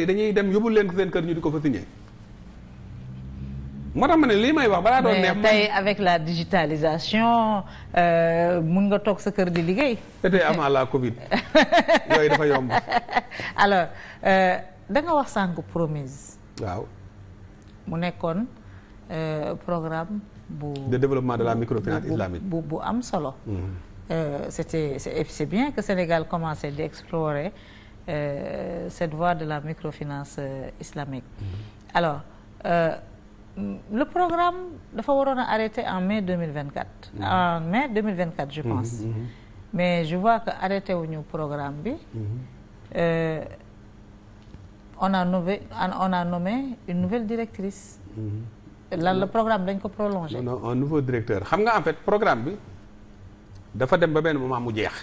te dañuy dem yóbbul leen seen kër ñu di ko fa signé. moo tax ma ne lii may wax balaa doon neex. mais tey avec la digitalisation euh, mun nga toog sa kër di liggéey. c'était avant la Covid yooyu dafa yomb. alors euh, da nga wax sànq promise. waaw. mu nekkoon euh, programme bu. de développement de la microfinance islamique bu bu am solo. Mm-hmm. c'était c'est bien que Sénégal commencé di explorer. euh, cette voie de la microfinance euh, islamique. Mmh. Alors, euh, le programme dafa waroon a arrêté en mai 2024. Mmh. En mai 2024, je mhm, pense. Mhm. Mais je vois que arrêté wuñu programme bi. Mhm. Euh, on a nommé on a nommé une nouvelle directrice. lan le programme dañ ko prolongé. non un nouveau directeur xam nga en fait programme bi dafa dem ba benn moment mu jeex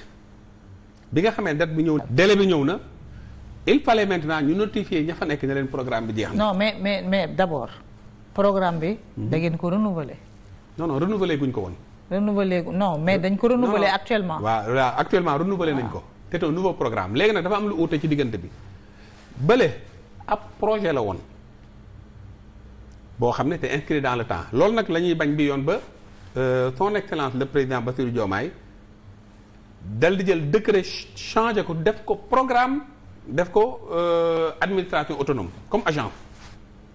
bi nga xamee date bi ñëw délai bi ñëw na. il fallait maintenant ñu notifier ña fa nekk ne leen programme bi jeex na. mais mais mais d' abord programme bi. da ngeen ko renouveler. non non renouveler guñ ko woon. renouveler no mais dañ ko renouveler actuellement. waaw waaw actuellement renouveler nañ ko. te un nouveau programme léegi nag dafa am lu uute ci diggante bi bële ab projet la woon boo xam ne te inscrit dans le temps loolu nag lañuy bañ bi yoon ba euh, son excellence le président ba Diomaye dal di jël décret changé ko def ko programme. def ko euh, administrateur autonome comme agent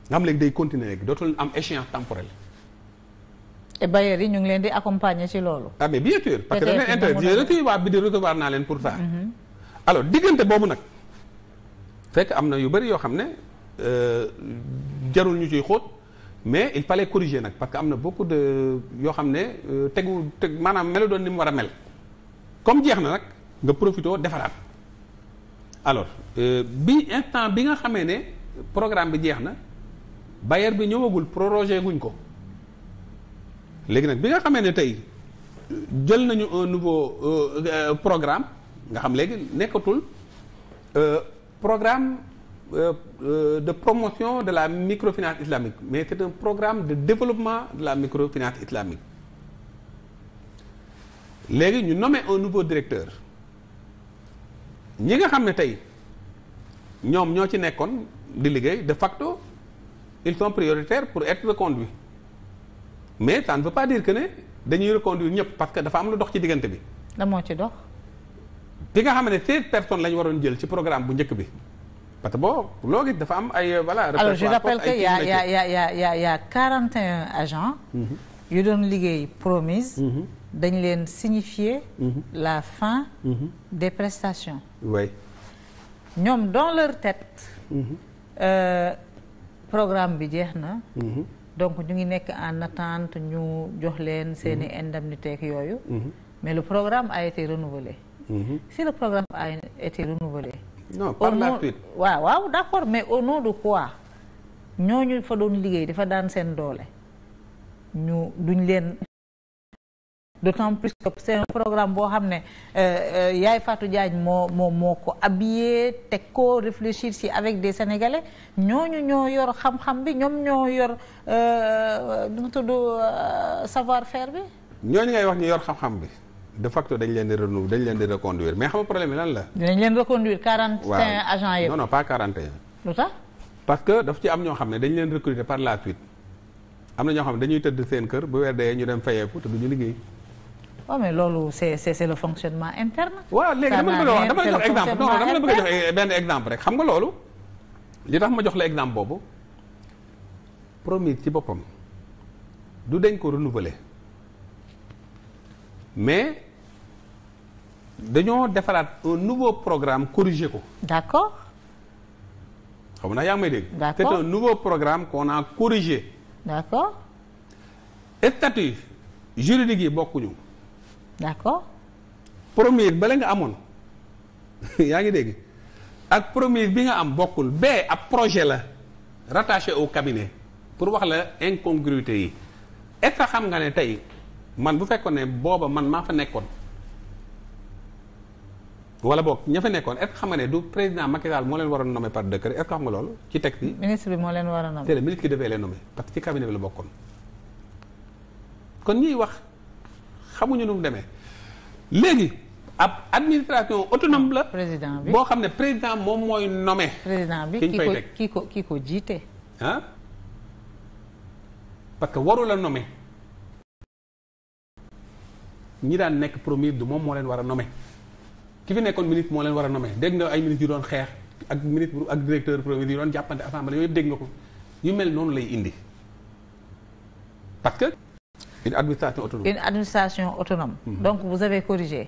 nga xam léegi day continuer léegi dootul am échéance temporelle. te bailleurs yi ñu ngi leen di accompagner ci loolu. ah bi bien sûr parce que dañu leen intérêt waa bi di recevoir naa leen pour ça. Mm-hmm. alors diggante boobu nag fekk am na yu bëri yoo xam ne euh, jarul ñu ciy xóot mais il fallait corriger nag parce que am na beaucoup de yoo xam ne euh, tegu teg maanaam melu doon ni mu war a mel comme jeex na nag nga profité defaraat. alors euh, bi instant bi nga xamee ne programme bi jeex na bailleur bi ñëwagul prorogé guñ ko léegi nag bi nga xamee ne tey jël nañu un nouveau euh, euh, programme nga xam léegi nekkatul programme de promotion de la microfinance islamique mais c'est un programme de développement de la microfinance islamique léegi ñu nommé un nouveau directeur ñi nga xam ne tey ñoom ñoo ci nekkoon di liggéey de facto ils sont prioritaires pour être reconduits mais ça ne veut pas dire que ne dañuy reconduire ñëpp parce que dafa am lu dox ci diggante bi. la moo ci dox. bi nga xam ne seize personnes la ñu waroon jël ci programme bu njëkk bi parce que boo loo gis dafa am ay voilà. alors je rappelle y' a y' a quarante et un agents. Mm-hmm. yu doon liggéey promise mhm. dañ leen signifier mhm. la fin mhm. des prestation oui ñoom dans leur tête euh, programme bi jeex na donc ñu ngi nekk en attente ñu jox leen seeni indemnité ak yooyu mais le programme a été renouvelé si le programme a été renouvelé non par la suite waaw waaw d'accord mais au nom de quoi ñooñu fa doon liggéey dafa daan seen doole ñu duñ leen d'autant plus que c'est un programme boo xam ne euh, euh, Yaay Fatou Diagne moo moo moo ko habillé te ko réfléchir si avec des sénégalais ñooñu ñoo yor xam-xam bi ñoom ñoo yor euh, nu mu tudd savoir faire bi. ñooñu ngay wax ñu yor xam-xam bi de facto dañ leen di renou dañ leen di reconduire mais xam nga problème bi lan la. dinañ leen reconduire quarante et un agents yëpp. non pas quarante et un. lu tax. parce que daf ci am ñoo xam ne dañ leen recruter par la suite. am na ñoo xam ne dañuy tëdd seen kër bu weer dee ñu dem fayeeku te ñu liggéey. waaw mais loolu c'est c'est le fonctionnement interne. waaw léegi dama la bëgg a wax dama la jox exemple non dama eh, nga loolu li ma jox la exemple boobu promit ci boppam du dañ ko renouveler mais dañoo defaraat un nouveau programme corrigé ko. d'accord. xam naa yaa may dégg. d'accord c'est nouveau programme qu'on naa corrigé. d'accord. statut juridique yi bokkuñu. d'accord. premier bala nga amoon yaa ngi dégg ak premier bi nga am bokkul bee ab projet la rattaché au cabinet pour wax la incongruité yi est-ce xam nga ne tey man bu fekkoon ne booba man maa fa nekkoon. wala boog ña fa nekkoon est-ce que xam nga ne du président Macky Sall moo leen waroon nommer par décret est-ce que xam nga loolu ci texte yi. ministre bi moo leen war a nommer. te le ministre qui devait les nommer parce que ci cabinet bi la bokkoon. kon ñiy wax xamuñu nu mu demee léegi ab administration autonome la. président bi boo xam ne président moom mooy nommer. président bi ki ko ki ko ki ko jiite. parce que warula la nommer ñi daan nekk premier du moom moo leen war a nommer. ki fi nekkoon ministre moo leen war a nommé dégg nga ay ministres yu doon xeex ak ministre ak directeur premier yu doon jàppante assemblée yooyu dégg nga ko yu mel noonu lay indi parce que une administration autonome une administration autonome. Mm-hmm. donc vous avez corrigé.